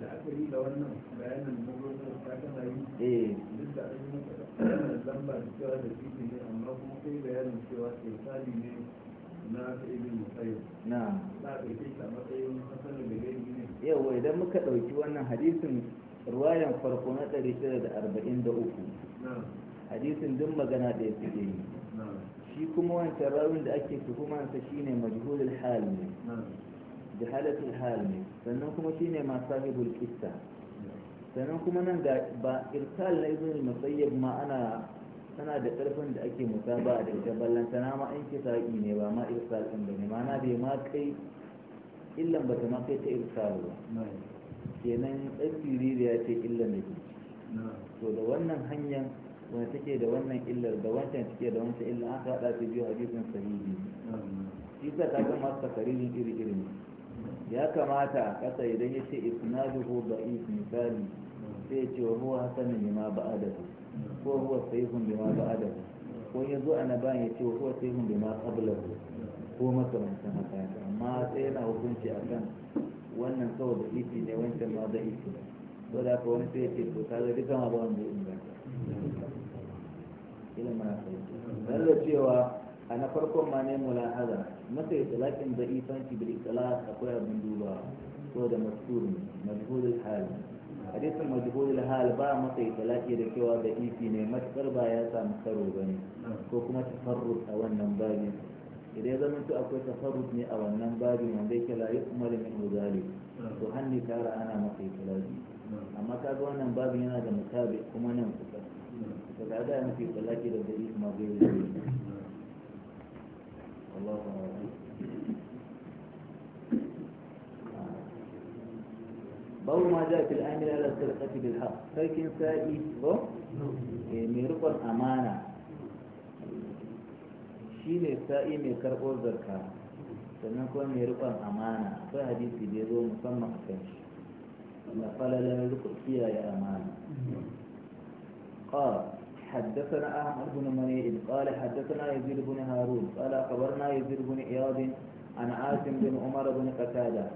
da aka yi da wannan bayanin mugunan ta kana yi eh. duk da an yi lamba da cewa da titi ne amma kuma kai bayanin cewa tsari ne na ibn musayyib na za ka yi a matsayin hasanin da gani ne yawa idan muka ɗauki wannan hadisin ruwayan farko na ɗari shida da da arba'in uku, hadisin duk magana da ya suke yi shi kuma wancan rawin da ake tuhumansa shine majhulul hal ne jahalatul hal ne sannan kuma shine ma sahibul qissa sannan kuma nan ga ba irsal na ibn musayyib ma ana tana da karfin da ake musaba da ita ballantana ma an kisaki ne ba ma irsal din ma na bai ma kai illan bata ma kai ta irsal ba kenan asiri da ya ce illan da ke to da wannan hanyar wanda take da wannan illar da wancan take da wancan illar aka hada su biyu a hadisin sahihi shi ta ga masu takarini iri-iri ne ya kamata kasa idan ya ce isnaduhu da'if misali sai ce wa huwa ma ba ba'adahu ko huwa sahihun bima ba'adahu ko ya zo ana bayan ya ce wa huwa sahihun ma qablahu ko makamantan haka amma sai yana hukunci akan wannan saboda da ifi ne wancan ma da ifi ko da ka wani sai ya ce to kaga duka ma ba wanda ya inganta ilimin na sai cewa Ana na farkon ma ne mulahaza masa itlaqin da ifanci bil itlaq akwai abin duba ko da mazkur majhulul hal hadisin majhulul hal ba masa itlaqi da cewa da ifi ne matsar ba ya samu karo bane ko kuma tafarrud a wannan babin idan ya zama akwai tafarrud ne a wannan babin wanda yake la yu'mal min zalik to hanni tara ana masa itlaqi amma kaga wannan babin yana da mutabi kuma nan kusa to da yana fi itlaqi da dalil ma bai باو ما جاء في الآن على السرقة بالحق فلكن سائي بو إيه، ميروك الأمانة شين سائي ميكر أول ذركا سنكون ميروك الأمانة فهديث بيضو مصمع كنش قال لا يلقوا فيها يا أمانة قال حدثنا أحمد بن منيع قال حدثنا يزيد بن هارون قال أخبرنا يزيد بن إياد عن عاصم بن عمر بن قتادة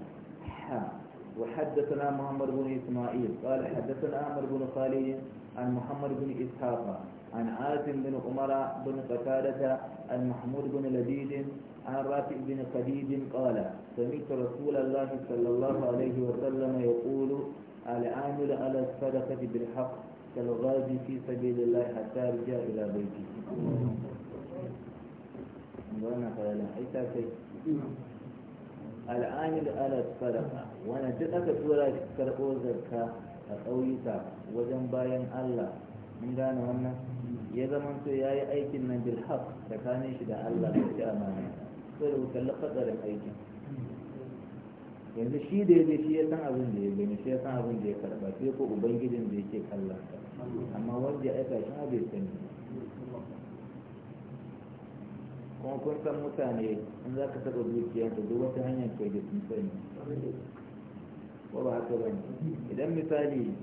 وحدثنا محمد بن إسماعيل قال حدثنا أحمد بن خالد عن محمد بن إسحاق عن عاصم بن عمر بن قتادة عن محمود بن لبيد عن رافع بن قديد قال سمعت رسول الله صلى الله عليه وسلم يقول العامل على الصدقة بالحق كالغازي في سبيل الله حتى رجع إلى بيته وانا فعلا حيث كي العامل على الصدقة وانا جدك تورا كربو زكاة أقويتا وجنباين الله من gane wannan ya zama to ya yi aikin nan bil haq tsakanin shi da Allah da shi amana da aikin yanzu shi da ya je shi ya san abin da ya gani shi ya san abin da ya karba sai ko ubangijin da yake kallon sa amma wanda ya aika shi bai sani kuma kun san mutane in za ka taɓa dukiya da duk wata hanyar ke da sun sani ko ba haka ba idan misali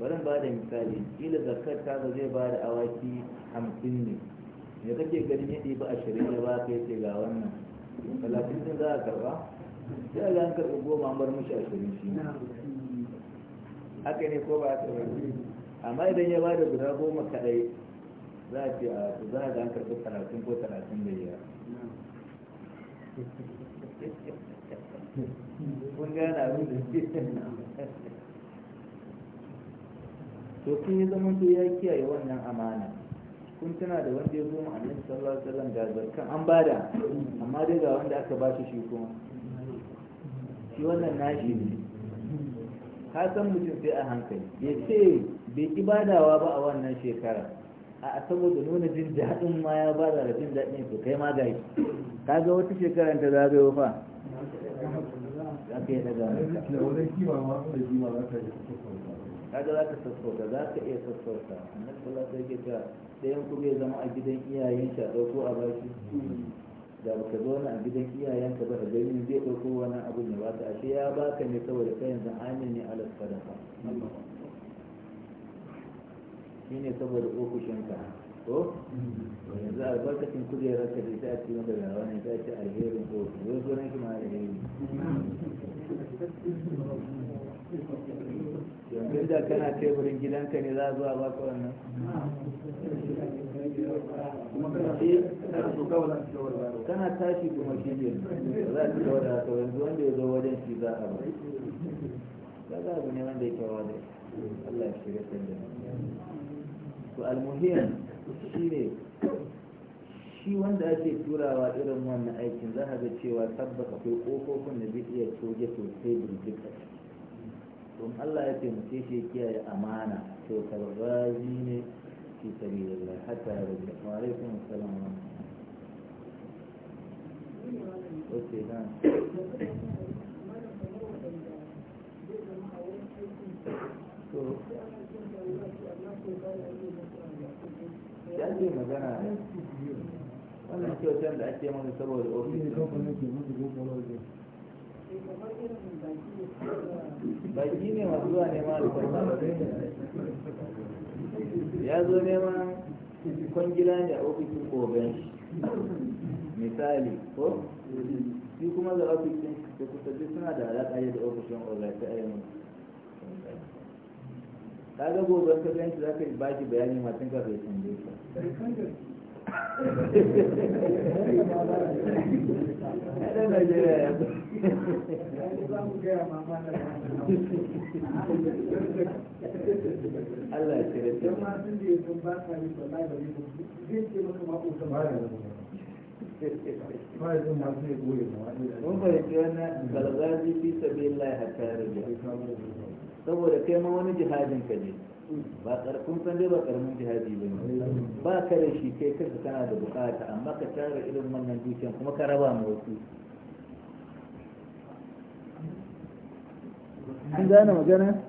bari ba da misali kila zakar ta zai ba da awaki hamsin ne me kake ganin ya ɗiba ashirin ya ba ka yace ga wannan talatin sun za a karɓa sai a zan karɓi goma an bar mishi ashirin shi haka ne ko ba haka ba amma idan ya bada guda goma kadai za a fiye a za a zan karɓi talatin ko talatin da ya kun gane abin da ke to kun yi zaman to ya kiyaye wannan amana kun tana da wanda ya zo mu annabi sallallahu alaihi wasallam ga zarkan an bada amma dai ga wanda aka ba shi shi kuma shi wannan nashi ne ka san mutum sai a hankali ya ce bai ibadawa ba a wannan shekara a saboda nuna jin daɗin ma ya bada da jin daɗin su kai ma ka kaga wata shekara ta zagayo fa aka yi daga kaga za ka sassauta za ka iya sassauta annan kula ta yake ta ɗayan ku bai zama a gidan iyayen shi a ɗauko a bashi da ba ka zauna a gidan iyayen ka ba da gani zai ɗauko wani abu ne ba ta ashe ya baka ne saboda kayan yanzu amini ne alas sadaka shine saboda ofishinka ko yanzu albarkacin kujerar ka da ta cikin wanda da wani ta ci alherin ofis zo sunan shi ma alheri yanzu da kana teburin gidanka ne za a zuwa ka wannan kana tashi kuma shi ne za a ci gaba haka yanzu wanda ya zo wajen shi za a bai za a ne wanda ya kyawa da Allah ya shirya sanda to almuhim shi ne shi wanda ake turawa irin wannan aikin za a ga cewa tabbas akwai ƙofofin da zai iya coge sosai birjik a don Allah ya taimake shi kiyaye amana to zi ne fi da hatta ya rubuta wa alaikum assalam wa Okay, done. So, shi ake magana ne wannan kyautar da ake mana saboda ofis baki ne masu zuwa nema alfarma ya zo neman kwangila ne a ofisin kogon shi misali ko shi kuma da ofisin da kusa suna da alaƙa da ofishin ogai ta ayyana ka ga gobe ka gan shi zaka ba shi bayani matan ka bai san dai ɗan Najeriya ya Allah ya kira ta. Yamma sun da ya sun ba ka yi wallahi ba zai zai ce maka mako ta ba da mun fahimci wannan balgazi fi sabilillah hatta rajia saboda kai ma wani jihadin ka ne ba karfin san dai ba karamin jihadi ba ne ba ka da shi kai kanka kana da bukata amma ka tara irin wannan dukiyan kuma ka raba ma wasu an gane magana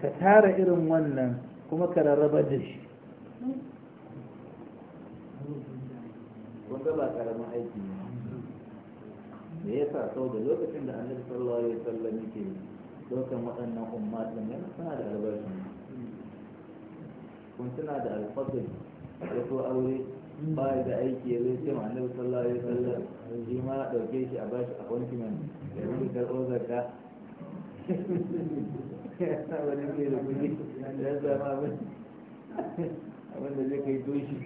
ka tara irin wannan kuma ka rarraba da shi kun ba karamin aiki ne me yasa sau da lokacin da annabi sallallahu alaihi wasallam yake daukan waɗannan umma ɗin yana suna da albarkin kun suna da alfadin ko aure ba da aiki ya zai ce ma'anar sallallahu alaihi wasallam shi ma ɗauke shi a bashi a appointment da wani karɓar zakka wani ke da kuɗi ya zama abin abin da zai kai doshi.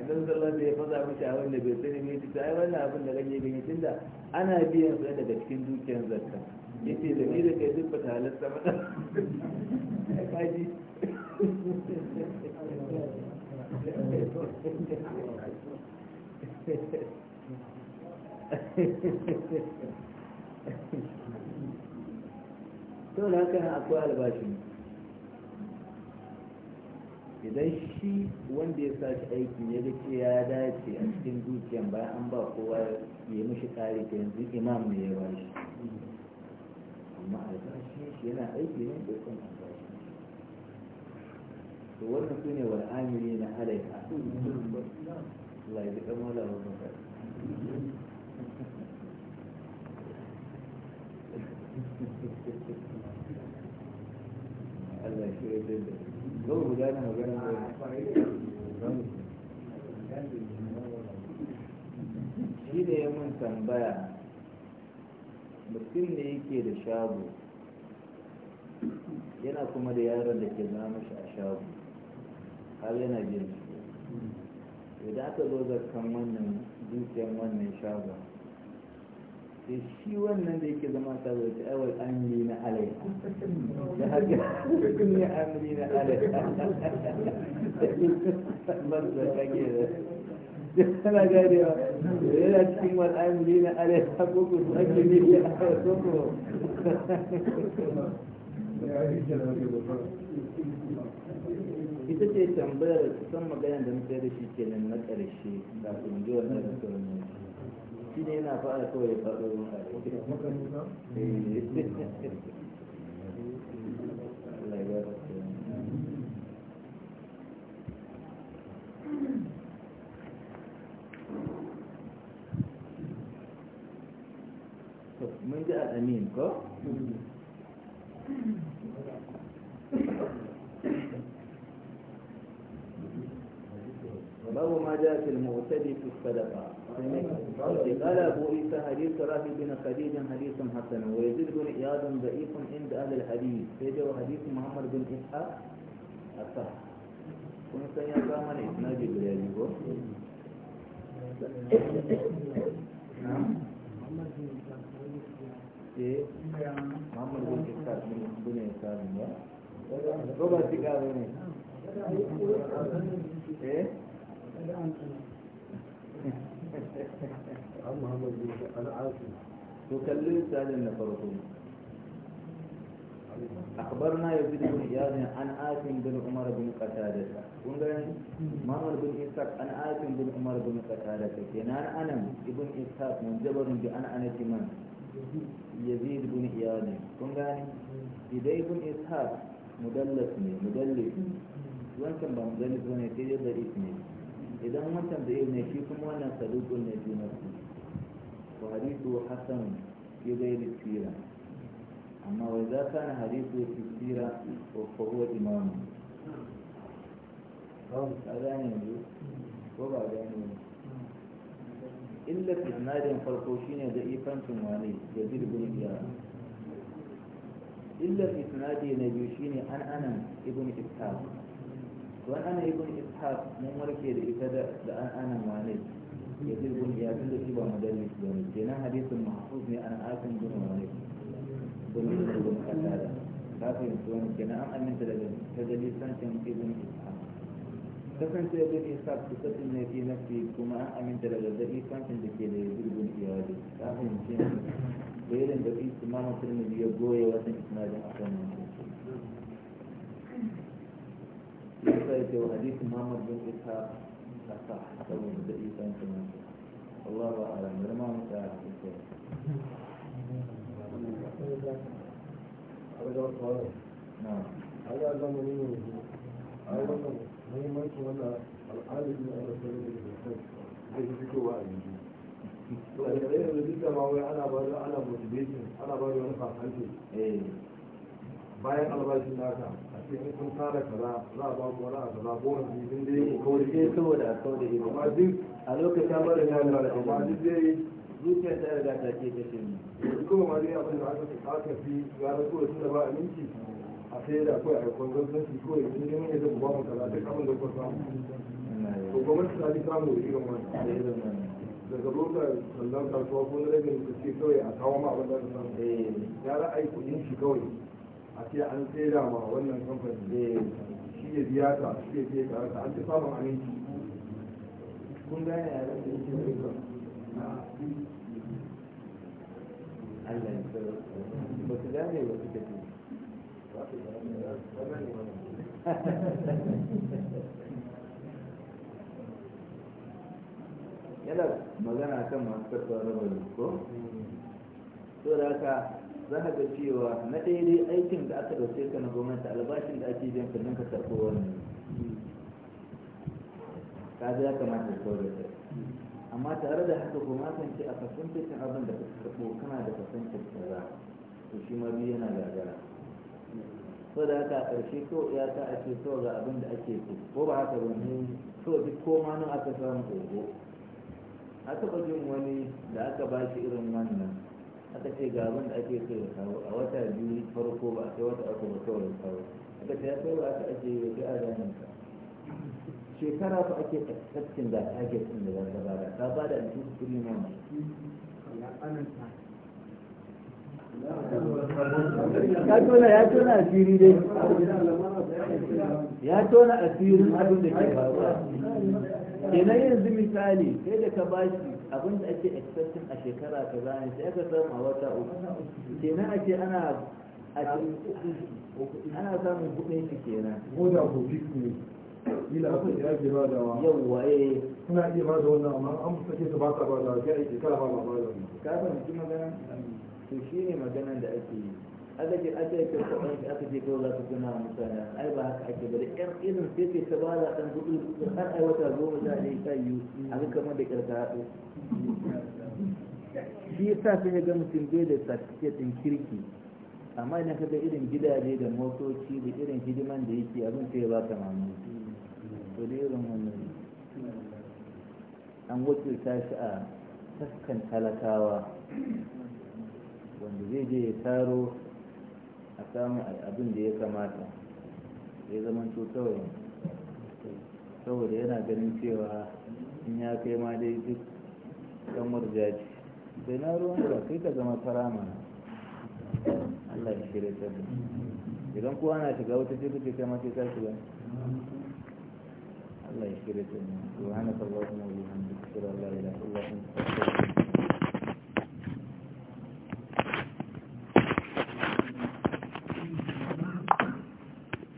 annabi sallallahu alaihi wasallam ya faɗa mishi a wanda bai sani ne ta ai wannan abin da kake gani tunda ana biyan sa daga cikin dukiyar zakka yace da ni da kai duk ba ta mata ba kaji to da haka akwai albashi idan shi wanda ya sashi aiki ya ga ce ya dace a cikin dukiyan bayan an ba kowa ya yi mishi kare ta yanzu imam ne ya ba shi amma albashi shi yana aiki ne da kan shi to wannan su ne wani amiri na alaiha Allah ya ji kan wala wa kai Allah ya shirya da zo guda na magana shi ne mun tambaya mutum ne yake da shago yana kuma da yaron da ke zama shi a shago har yana jin shi idan aka zo zarkan wannan dukiyar wannan shagon شي وين دي كذا ما تزوج اول امنين عليه كنا امنين عليه بس كذا انا قاعد يقول لا تشيم والان لينا عليه حقوق وتغني لي حقوق ita ce tambayar sun magana da mutane shi ke nan na ƙarshe da kungiyar na rikon mutane shi ne yana fara kawai ya faɗo mun ji al'amin ko? babu ma ja fil mu'tadi fi قال أبو عيسى حديث رافع بن خديج حديث حسن ويزيد بن إياد ضعيف عند أهل الحديث سيده حديث محمد بن إسحاق الصح kun san ya kama ne na jibriya ne ko? Eh, Muhammad bin Iskar bin Iskar ne ba? Ko ba shi ne? Eh? amma hamar farko akbar na yau zidi wani yazin an asin bin umar bin kasada ta kun ga bin isaac an asin bin umar bin kasada ta na anan ibn isaac mun jabarin bi an anaki man yazid bin iyali kun ga ni idan ibn isaac mudallas ne mudallis ne wancan ba mudallis ba ne sai dai da ne idan wancan da ne shi kuma wannan saduqun ne bi nafsi wa hadithu hasan fi ghairi sira amma wa idza kana hadithu fi sira wa fa huwa imam ran kaza yanzu ko ba gane illa isnadin farko shine da ifancin wani da bilbin biya illa isnadi na biyu shine an anan ibn ishaq wani ana yi kun ishaq mun warke da ita da an ana wani ya ce kun ya tun da shi ba madalli ba ne kenan hadisin mahfuz ne an asin bin wani domin da gudun kallada ta fahimci wani kenan an aminta daga tajalli sancin ibn ishaq kasance ibn ishaq kusatin ne fi nafi kuma an aminta daga zai sancin da ke da ya zirgun iyali ta fahimci ne da irin da imam turmi ya goye wasan isnadin akan حديث محمد بن إسحاق صح سوي بدأي كمان الله أعلم أنا ما متعرف نعم أنا أقول لك أنا أقول لك أنا أقول لك أنا أقول لك sai kun fara za a ba ku wani abu za ko da ya ko sai saboda a kawo da ido amma duk a lokacin mara ya yi da amma duk yi. zuciya ta riga ta ke kashe ni duk kuma ma dai abin da aka aka fi ya da kowace da ba aminci a sai da akwai aikon gwamnati ko yanzu ne mun ba mu kaza duk abin da samu to gwamnati ta ji samu da irin wannan daga lokacin sannan kasuwa ko na rage ce kawai a kawo ma abin da samu ya eh. ra'ayi kuɗin shi kawai a an tsera ma wannan kamfani shi ya biya ta shi ya biya ta an ci samun aminci kun ya Allah ya tsara ba su gane ba su yana magana kan masu karfa ko? to mm. da haka za ka ga cewa na daidai aikin da aka dauke ka na gwamnati albashin da ake biyan sannan ka karɓo wani. ka ga ya kamata ka da kai amma tare da haka kuma kan ce a kasancin abin da ka karɓo kana da kasancin tsara to shi ma biyu yana gagara so da haka a ƙarshe ko ya ta a ce kawai ga abin da ake so ko ba haka ba ne so duk ko ma nan aka samu ogo aka ba jin wani da aka ba shi irin wannan aka ce ga abin da ake so ya kawo a wata biyu farko ba a kai wata uku ba kawai ya kawo aka ce ya kai ba aka ake ya kai adanin ka shekara ba ake tsakkin da ke din da ba da ta ba. da su kuri na ma ya tona ya tona asiri dai ya tona asirin abin da ke faruwa kenan yanzu misali sai da ka bashi abin da ake expecting a shekara ta za ne sai aka samu a wata uku kenan ake ana ana samun kuɗin shi kenan ko da ko fix ne ila aka ya ke ba da wa yawwa eh suna iya ba da wannan amma an sake su ba ta ba da sai a kala ba ba da ka fahimci magana to shine maganan da ake yi aka ce aka yi kyauta ɗan shi aka ce kawai za ka kuna mutane ai ba haka ake bari ƴan irin sai ke ta ba za ɗan gudu har ai wata goma sha ɗaya sha biyu a ga kamar da ƙarfa haɗu shi ya sa ya ga mutum bai da certificate kirki amma idan ka ga irin gidaje da motoci da irin hidiman da yake abin sai ya ba ka mamaki to da irin wannan an wakilta shi a taskan talakawa wanda zai je ya taro a samu abin da ya kamata ya zama to kawai saboda yana ganin cewa in ya kai ma dai duk kan murja sai na ruwan da sai ka zama farama Allah ya shirya ta idan kowa na shiga wata ce kuke kai ma sai ta shiga الله يشكرك سبحانك اللهم وبحمدك اشهد ان لا اله الا انت استغفرك